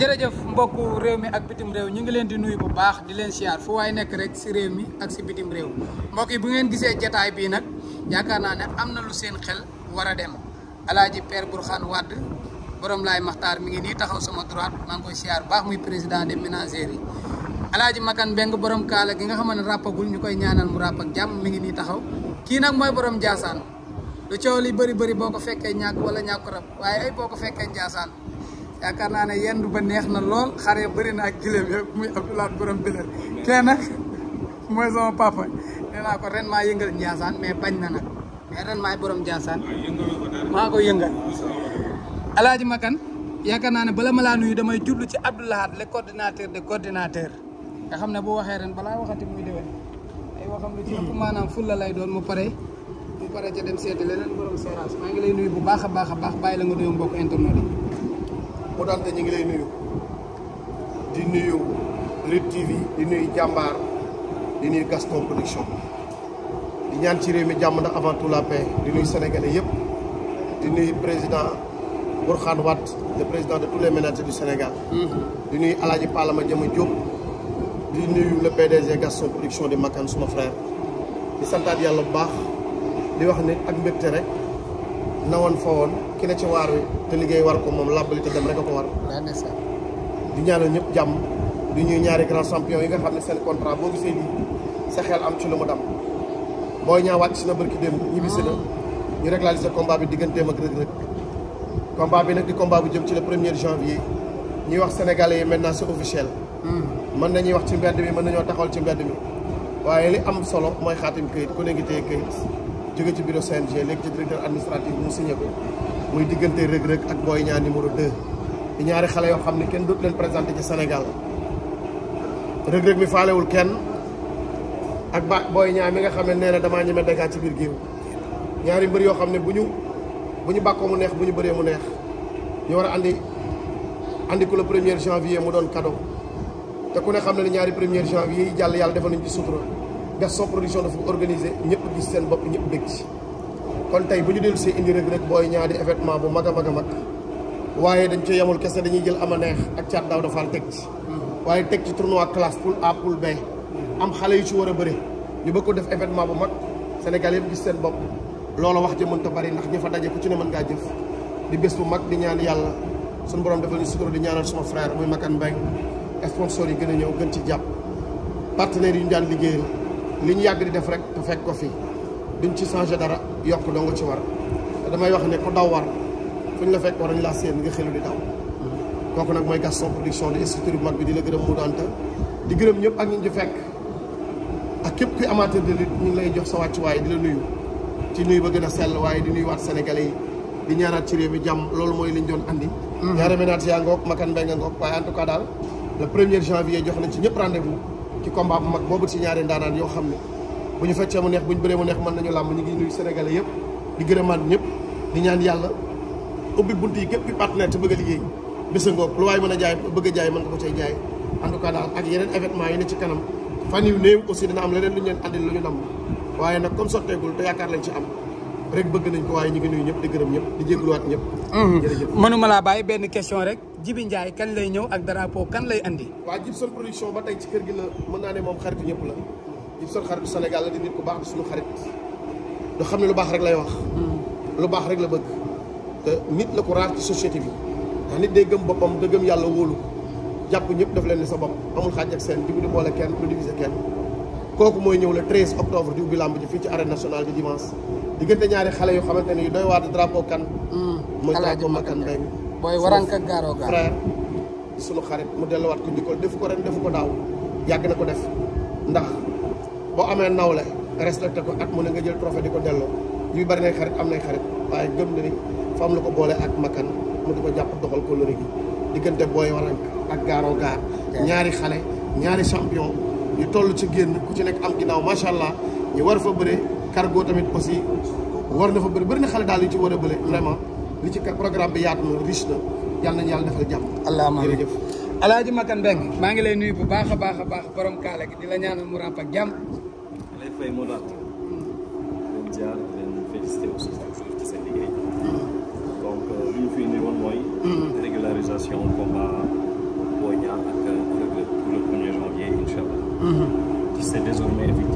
jerejeuf mbokku rewmi ak bitim rew ñu ngi leen di nuyu bu baax di leen siyaar fu way nek rek si rewmi ak si bitim rew mbokk yi bu ngeen gisee jotaay bi nak yakarna ne am lu seen xel wara dem alaaji Père Bourkhane wad borom lay maktar mi ngi ni taxaw sama droite maa ngi koy siyaar baax muy président des ménagères alaaji Makan beng borom kala gi nga rapa rapagul ñukoy ñaanal mu ràpp ak jàmm mi ngi ni taxaw ki nak moy borom Njaasaan lu ciow li bari bari boko fekke ñak wala ñak rap waye ay boko fekke fekkee yaakaar naa ne yendu ba neex na lool xare bëri na ak gileem yëpp muy Abdoulaye borom bi la kee nag mooy sama papa nee naa ko ren yëngal Ndiassane mais bañ na nag mais ren maay borom Ndiassane ah, maa ko yëngal alaaji Makan yaakaar naa ne bala ma laa nuyu damay jublu ci Abdoulaye le coordinateur de coordinateur nga xam ne bu waxee ren balaa waxati muy déwén ay waxam lu ci ëpp maanaam ful la lay doon mu pare mu pare ca dem seeti leneen borom séerans maa ngi lay nuyu bu baax a baax a bàyyi la nga nuyu mbokk Koutante ñu ngi lay nuyu di nuyu RIP TV di nuyu jàmbaar di nuyu Gaston Production di ñaan ci réew mi jàmm avant tout la paix di nuyu sénégalais yëpp di nuyu président Bourkhane Wade le président de tous les ménages du Sénégal. Mm-hmm. di nuyu El Hadj Palama Jama Diop di nuyu le PDG Gaston Production di Makan suma frère di santaat yàlla bu baax li wax ne ak mbégte rek. nawoon fa woon ki ne ci waar wi te liggéey war ko moom làbbali te dem rek a ko war. di ñaanal ñëpp jàmm du ñuy ñaari grand champion yi nga xam ne seen contrat boo gisee nii sa xel am ci lu mu dam booy ñaa wàcc si na barki démb ñibbisi na ñu régulariser combat bi digganteem ak Reug Reug combat bi nag di combat bu jëm ci le premier janvier ñuy wax sénégal yi maintenant c'est officiel. Hmm. mën nañuy wax ci mbedd mi mën nañoo taxawal ci mbedd mi waaye li am solo mooy xaatim këyit ku ne ngi jóge ci bureau CNG léegi ci directeur administratif mu signé ko muy diggante rëg-rëg ak Boy Niang numéro 2. di ñaari xale yoo xam ne kenn dootu leen présenté ci Sénégal rëg-rëg mi faalewul kenn ak ba Boy Niang mi nga xam ne nee na damaa ñeme dégâts ci biir géew ñaari mbër yoo xam ne bu ñu bu ñu bàkkoo mu neex bu ñu bëree mu neex ñu war a àndi andi ko le premier janvier mu doon cadeau te ku ne xam ne ne ñaari premier janvier yi jàll yàlla defa nañ ci sutura Gaston production dafa organiser ñepp ñëpp gis seen bop ñepp bëgg ci kon tay buñu ñu ci indi rek rek boy ñaari événement bu maga maga mag waye dañ ci yamul kessé dañuy jël ama neex ak ciat daw dafa tek ci waye tek ci tournoi classe poule A poule B am xalé yu ci wara bëré ñu bëkk def événement bu mag Sénégal yëp gis seen bop loolu wax ci mën ta bari ndax ñafa dajé ku ci ne mën nga jëf di bés bu mag di ñaan yalla sun borom defal ñu sutura di ñaanal sama frère muy Makan bay sponsor yi gëna ñëw gën ci japp partenaire yi ñu daan liggéeyal li ñu yàgg di def rek te fekk ko fii duñ ci changé dara yokk dong ci war te damay wax ne ku daw war fuñ la fekk war nañ laa seen nga xelu di daw kooku nag mooy Gaston Production di structure bu mag bi di la gërëm mu doonte di gërëm ñëpp ak ñu ci fekk ak képp kuy amateur de lutte ñu ngi lay jox di la nuyu ci nuyu ba gën a sell waaye di waat Sénégalais yi di ñaanaat ci réew mi jàmm loolu mooy li ñu doon andi ñaare mm-hmm. ménage yaa ngoog makan mbéy nga waaye en daal le premier janvier jox nañ ci ñëpp rendez-vous ci combat bu mag boobu ci ñaari ndaanaan yoo xam ne bu ñu feccee mu neex bu ñu bëree mu neex mën nañu làmb ñu ngi nuyu sénégalais yëpp di gërëmaat ñëpp di ñaan yàlla ubbi bunt yi képp partenaire te bëgg a liggéey bisa ngoog lu waaye mën a jaay bëgg a jaay mën nga ko cay jaay en daal ak yeneen événement yi ne ci kanam fan yu néew aussi dina am leneen lu ñu leen andil lu ñu waaye nag comme sotteegul te yaakaar lañ ci am rek bëgg nañ ko waaye ñu ngi nuyu ñëpp di gërëm ñëpp di jégaluwaat ñëpp. Hmm. jërëjëf mënuma laa bàyyi benn question rek Jibi Ndiaye kan lay ñëw ak drapeau kan lay andi. waa Jibson production ba tey ci kër gi la mën naa ne moom xaritu ñëpp la Jibson xaritu Sénégal la di nit ku baax di suñu xarit do xam ne lu baax rek lay wax. Hmm. lu baax rek la bëgg te nit la ko raar ci société bi ndax nit day gëm boppam da gëm yàlla wóolu jàpp ñëpp daf leen ni sa bopp amul xaaj ak seen mooy ñëw le 13 octobre di ubbi fii ci arène nationale bi diggante ñaari xale yu xamante ni doy waar drapeau kan. mooy mm, drapeau Makan Mbengue. booy waranka gaaroo gaar frère sunu xarit mu delluwaat ko defu ko ren defu ko daaw yàgg na ko def ndax boo amee nawle respecté ko at mu ne nga jël trophée di ko delloo luy bari nay xarit am nay xarit waaye gëm na ni ko boole ak Makan mu di ko jàpp doxal ko lëri gi diggante booy waranka ak gaaroo gaar ñaari xale ñaari champion yu toll ci génn ku ci nekk am ginnaaw macha allah ñu war fa bëre. cargo tamit aussi war na fa bëri bëri na xale daal yu ci war a vraiment li ci programme bi yaatu na riche na yàlla nañu yàlla defal jàmm. allahumma jërëjëf. Alaaji maa ngi lay nuyu bu baax a baax a baax borom kaala gi di la ñaanal mu ràmp ak jàmm. lay fay euh, moo mm-hmm. daal.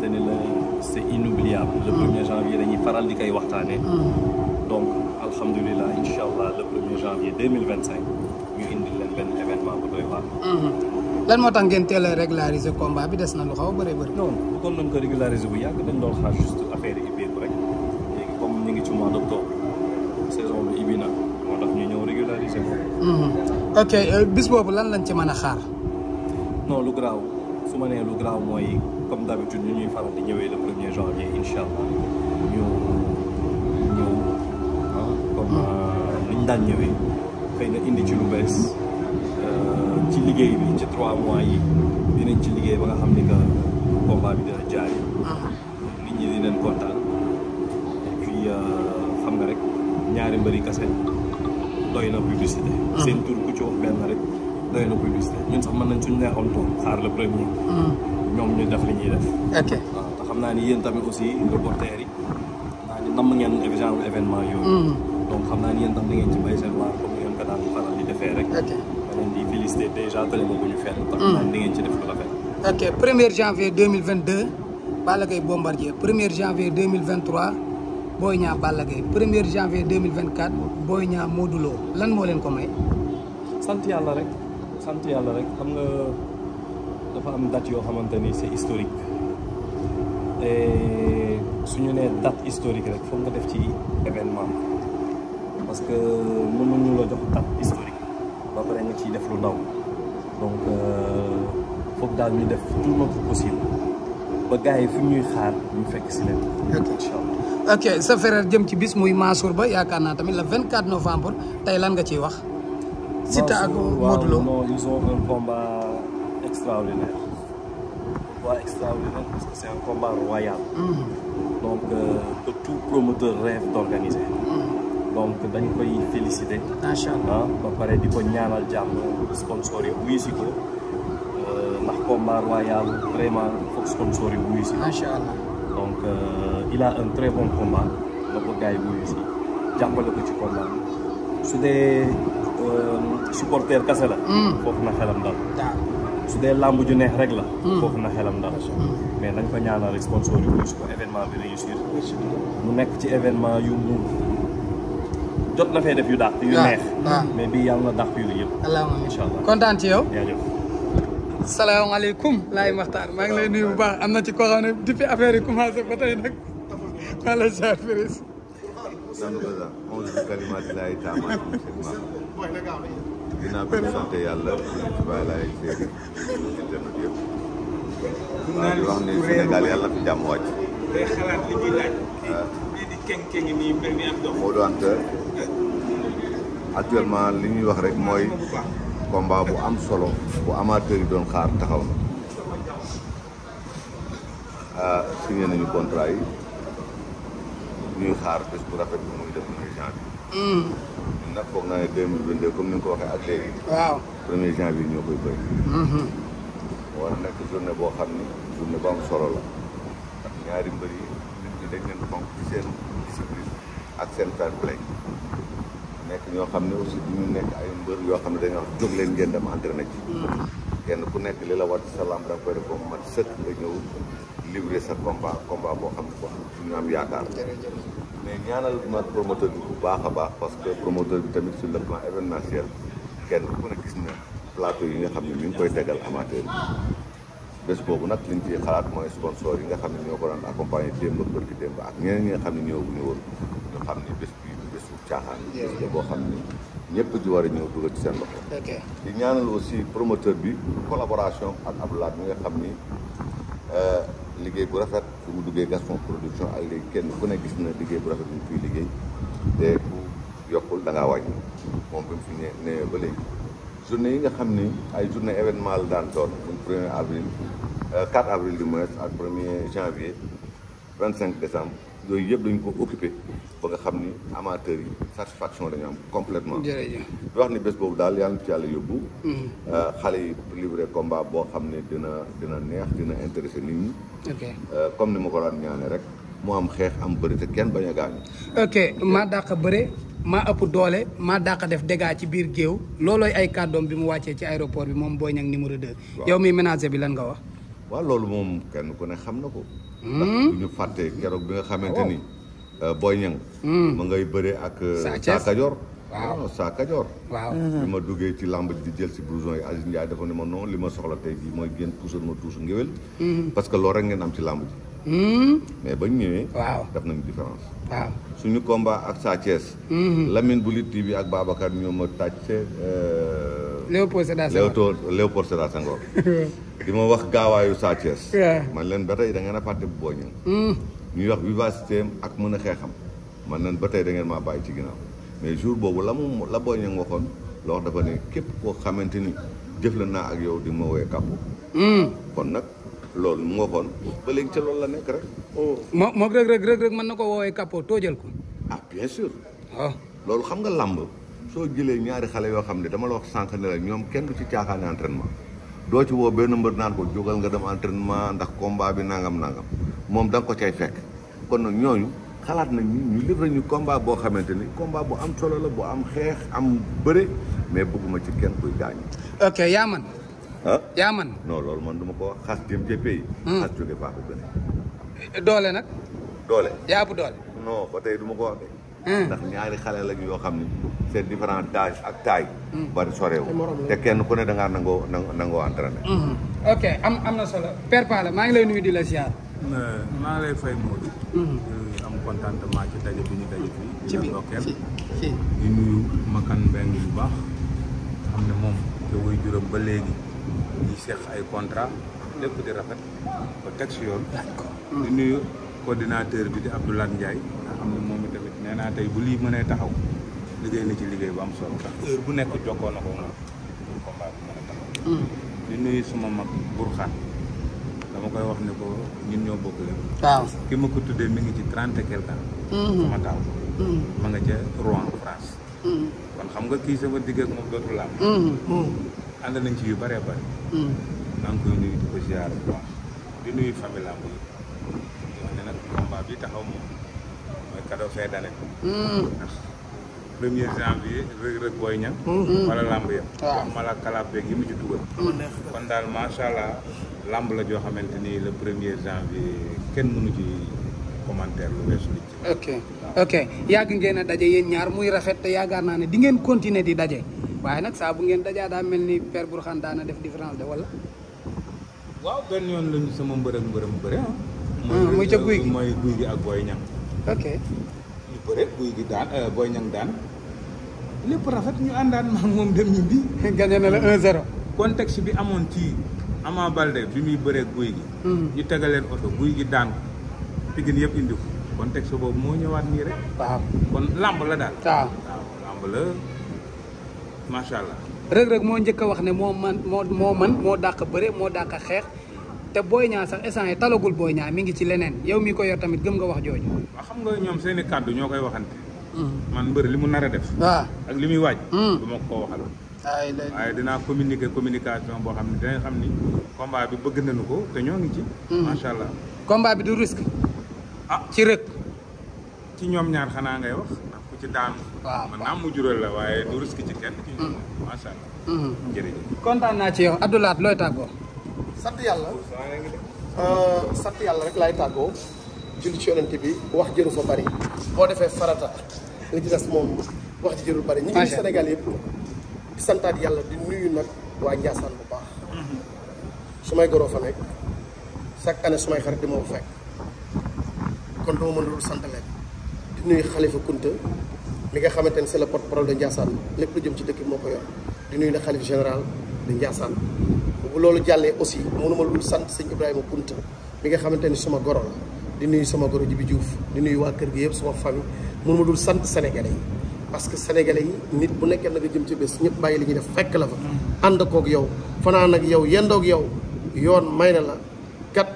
xamante ne la c'est inoubliable le hmm. premier janvier dañuy faral di koy waxtaane hmm. donc alhamdulilah incha allah le premier janvier mille vingt cinq ñu indil leen benn événement bu doy waar hmm. lan moo tax ngeen teel a régulariser combat bi des na lu xaw a bëri bëri non bu kon nañ ko régulariser bu yàgg dañ doon xaar juste affaire yi ibbeeku rek léegi comme ñu ngi ci mois d'octobre saison bi ibbi na moo tax ñu ñëw régulariser ko ok euh, bis boobu lan lañ ci mën a xaar non lu garaaw su ma nee comme d'habitude ñu ñuy faral di ñëwee le premier janvier incha allah ñu ñëw comme ni daan ñëwee xëy na indi ci lu bees ci liggéey bi ci trois mois yi dinañ ci liggéey ba nga xam ni que combat bi dina jaay nit ñi dinañ kontaan et xam nga rek ñaari mbëri kase doy na publicité seen tur ku ci wax benn rek doy na publicité ñun sax mën nañ suñ neexoon toog xaar le premier ñoom ñu def li ñuy def. ok xam naa ni yéen tamit aussi reporters yi naa ni namm ngeen genre événement yooyu. Mm. donc xam naa ni yéen tam da ngeen ci bay seen waar comme ngeen ko daan faral di defee rek. ok da leen mm. di félicité dèjà bële moo ko ñu fenn. te xam naa ni da ngeen ci def lu rafet. ok 1er janvier 2022 Balla Gaye Bombardier 1er janvier 2023 ñaa Niang Balla Gaye janvier 2024 Boy Niang lan moo leen ko may. sant yàlla rek sant yàlla rek xam nga. dafa am date yoo xamante ni c'est historique et su ñu nee date historique rek foog nga def ci événement parce que mënuñu la jox date historique ba pare nga ciy def lu ndaw donc euh, foog daal ñu def tout notre possible ba gars yi fu ñuy xaar ñu fekk si leen. incha ok sa frère jëm ci bis muy Mansour Ba yaakaar naa tamit le 24 novembre tey lan nga ciy wax. Siteu ak Modou Lo non un combat. extraordinaire Pourquoi extraordinaire parce que c'est un combat royal mm. donc euh, que tout promoteur rêve d'organiser mm. donc on va y féliciter Inch'Allah. On ah, va parler du di al ñaanal le sponsor yi wuyu si ko euh, ndax combat royal vraiment il foog sponsor yi wuyu si macha allah donc euh, il a un très bon combat Donc, le gars est yi wuyu si jàppale ko ci combat su dee là euh, kase la mm. foofu na xelam dal su dee làmb ju neex rek la. Hmm. foofu na xelam dara. Hmm. mais nañ ko ñaanal rek sponsor yu ko événement bi réussir. mu nekk ci événement yu mu jot na fee def yu dàq. yu ah, neex ah. mais bii yàlla na dàq yu yëpp. alhamdulilah incha kontaan ci yow. jaajëf. salaamaaleykum. laay Maxtaar maa ngi lay nuyu bu baax am na ci ko xam ne depuis affaire yi ba tey nag. maa ngi lay sant la onze bi kalimaati laay taamaat dinaa ko sant yàlla ci di wax ni Sénégal yàlla fi jàmm wàcc day xalaat li ñuy laaj lii di kenkengi nii mbir mi am dox moo actuellement li ñuy wax combat am solo bu amateur yi doon xaar taxaw na signé nañu ñuy xaar bes bu rafet bu muy def muy janvier. hmm nag ko naa ne deux mille vingt deux comme ni ko waxe ak léegi. waaw premier janvier ñoo koy hmm war nak journée bo xamni ni journée bu am solo la ak ñaari mbeuri nit ñi dañ leen fonk ci seen discipline ak seen fair play nek ño xamni aussi bu ñu nek ay mbeur yo xamni dañ wax jog leen ngeen dem entraîner ci. kenn ku nek lila war sa da koy def ko mat nga ñew livrer sa combat combat bo xamni ko ñu am yaakaar. mais ñaanal ma promoteur bi bu baax a baax parce que promoteur bi tamit sur le plan événementiel kenn ku ne gis na plateau yi nga xam ne mi ngi koy tegal amateur bi bés boobu nag liñ ciy xalaat mooy sponsor yi nga xam ne ñoo ko doon accompagner démb ak bërki démb ak ñeneen ñi nga xam ne ñëwuñu woon ñu xam ne bés bi caaxaan bés boo xam ne ñëpp ji war a ñëw dugal ci seen loxo di ñaanal aussi promoteur bi collaboration ak Abdoulaye mi nga xam ni euh, liggéey bu rafet bu mu duggee Gaston production ak léegi kenn ku ne gis na liggéey bu rafet bu mu fiy liggéey te ku yokkul da ngaa moom bi mu fi ne nee ba journée yi nga xam ni ay journée événement la daan doon muy premier avril 4 euh, avril du mois ak premier janvier décembre yooyu yëpp dañu ko occupé ba nga xam ni amateurs yi satisfaction la ñu am complètement jërëjëf di wax ni bés boobu daal yàlla na ci yàlla yóbbu mm-hmm. euh, xale yi livré combat boo xam ne dina dina neex dina intéressé nit ñi euh, comme ni ma ko daan ñaane rek mu am xeex am bëri te kenn bañ a gaañu ok maa dàq bëre maa ëpp doole maa daq def dégâts ci biir géew loolooy ay kàddoom bi mu wàccee ci aéroport bi moom Boy Niang numéro 2 yow mi ménager bi lan nga wax waa loolu moom kenn ku ne xam na ko ndax hmm? ñu fàttee keroog bi nga xamante ah, ni euh, Boy Niang hmm. ma ngay bëre ak euh, Sa Kajoor waaw Sa Kajoor waaw bi ma duggee ci làmb di jël si blouson yi Aziz Ndiaye dafa ne ma non li ma soxla tey jii mooy génn tuusal ma tuusu ngéwél hmm. parce que loolu rek ngeen am ci làmb ji mais ba ñëwee waaw def nañu différence waaw suñu komba ak Sa Thiès Lamine bu Lutte TV bi ak Babacar ñoo ma tàcce euh, Léopold Sédar Senghor Léopold Sédar Senghor di ma wax gaawaayu Sa Thiès man leen ba tey da ngeen a fàtte bu boo ñëw ñuy wax vivacité ak mën a xeexam man leen ba tey da ngeen maa bàyyi ci ginnaaw mais jour boobu la mu la boo ñëw waxoon wax dafa ne képp koo xamante ni jëflan naa ak yow di ma woowee kàpp mm. kon nag loolu mu waxoon ba léegi ca loolu la nekk rek oh. moo moom rek rek rek rek mën na ko woowee kàppoo tóojal ko ah bien sûr waaw oh. loolu xam nga làmb soo jëlee ñaari xale yoo xam ne dama la wax sànq ne la ñoom kenn du ci caaxaane entrainement doo ci woo benn mbër naan ko jógal nga dem entrainement ndax combat bi nangam nangam moom da ko cay fekk kon nag ñooñu xalaat nañ ñu ñu livré ñu combat boo xamante ni combat bu am solo la bu am xeex am bëre mais bëgguma ci kenn kuy gaañu. ok yaa man. ah yaa loolu man duma ko wax xas jëm ci pays. Hmm. xas jóge faa ko doole nag. doole yaa bu doole. non ba tey du ko wax hmm. xale lañ yoo xam ne. seen différent d'âge ak taille. Mm. bari sorewul te kenn ku ne da ngaa nangoo nangoo entraîné. Mm-hmm. ok am am na solo. Père Palla maa ngi lay nuyu di la ziar. maa ngi lay fay Modou. Mm-hmm. am contentement ci daje bi ñu daje fii. ci biir fii fii di nuyu Makan Mbengue bu baax. xam ne moom te wuy juróom ba léegi ñuy seq ay contrat lépp teg si yoon. di bi di Abdoulaye Ndiaye. nga xam ne moom itamit nee naa tey bu lii mënee taxaw. liggéey na ci liggéey bu am solo heure bu nekk jokkoo na ko moom pour mm. nuyu suma mag burxaan dama koy wax ne ko ñun ñoo bokk lépp waaw ki ma ko tuddee mi ngi ci trente quelque ans mm-hmm. sama taaw mm. ma nga ca Rouen France mm. kon xam nga kii sama ak nañ ci yu koy nuyu ko ziar di nuyu famille yi combat bi taxaw premier janvier Reug Reug Boy Niang hmm. wala lamb ya ah. mala kala beeg yi mu ci dugal kon dal ma sha allah lamb la jo xamanteni ni le premier janvier ken mënu ci commentaire lu wessu li ci ok ok yag ngeena dajé yeen ñaar muy rafet te yaakaar naa ne di ngeen continuer di dajé waye nak sa bu ngeen dajé da melni ni Père Bourkhane na def différence de wala waaw ben yon lañu sama mbeureum mbeureum beure ah muy ci guuy gi moy guuy gi ak Boy Niang ok ñu bëre guy gi daan euh, Boy Niang daan le prophet ñu àndaan ma moom dem ñibbi. gagné na la 1-0. contexte bi amon ci Ama Balde bi mi bëree guuy gi. Hmm. ñu tégalen auto guuy gi daan ko Pikine yëpp indi ko contexte bobu mo ñëwaat ni rek. waaw kon lamb la daal. waaw lamb la machallah allah. rek mo ñëk wax né mo mo man mo dàq bëre mo dàq xex te Boy Niang sax essence talagul Boy Niang mi ngi ci lenen yow mi ko yor tamit gëm nga wax jooju. xam nga ñom seen ñokay waxante. Hmm. man mbër limu nara def. ak limi muy bu hmm. mako ko waxal. ay dina communiquer communication bo xamni ne xamni combat bi bëgg nañu ko te ñoo ngi ci. Hmm. machallah combat bi du risque. ah ci rek. ci ñom ñaar xana ngay wax ku ci daan man na mu jural la waye du risque ci kenn. ci ñoom machallah allah. jërëjëf. kontaan naa ci yow abdoulat loy looy sant yalla euh sant yalla rek lay tàggoo julli ci yonent bi wax jëru fa bari bo defee farata li ci des moom wax ji jëru bari ñi ci Sénégal yépp ci santat yalla di nuyu nak wa Ndiassane bu baax sumay goro fa nek chaque année sumay xarit di ma fekk kon do mo ndul sant di nuyu Khalifa kunta mi nga xamante c'est le porte-parole de Ndiassane lepp lu jëm ci dëkk moko yor di nuyu nag khalifa général de Ndiassane bu lolu jàllee aussi mënuma lu sante seigne Ibrahima kunta mi nga xamanteni suma goro la di nuyu sama goro Jibi Diouf di nuyu waa kër gi yëpp sama famille mun ma dul sant sénégalais yi parce que sénégalais yi nit bu nekkee na nga jëm ci bés ñëpp bàyyi li ñuy def fekk la fa ànd yow fanaan ak yow yendoog yow yoon may na kat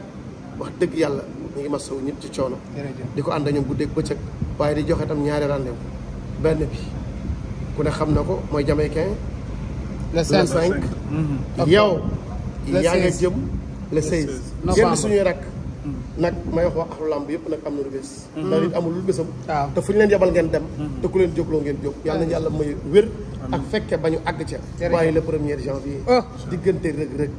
wax dëgg yàlla ñu ngi masawu ñëpp ci di ko ànd ñoom guddeeg bëccëg waaye di joxe tam ñaari rendez-vous bi ku ne xam na ko mooy jamaïcain mhm. yow yaa nga le seize suñuy rakk Hmm. nak may wax waa axlu lamb yep nak am na lu bees ndax nit amul lu bésam te fu len leen yabal ngeen dem te ku len joglo ngeen jog yalla nañu yalla may wër ak fekke bañu ag ci ca le 1er janvier digënté rek rek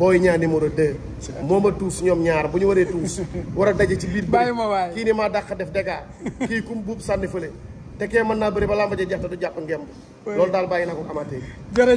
boy ñaa numéro 2 moma tous ñom ñaar buñu waré tous wara dajé ci biir bëri ki ni ma dàq def déga ki kum bub sanni fele te ke man na bari ba lamb ja jeex te du japp ngemb lool dal bayina ko amaté